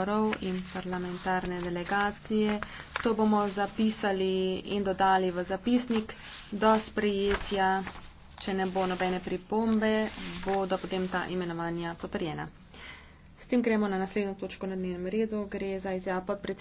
zborov in parlamentarne delegacije. To bomo zapisali in dodali v zapisnik do sprejetja. Če ne bo nobene pripombe, bodo potem ta imenovanja potrjena. S tem gremo na naslednjo točko na dnevnem redu. Gre za izjavo podpredsednika.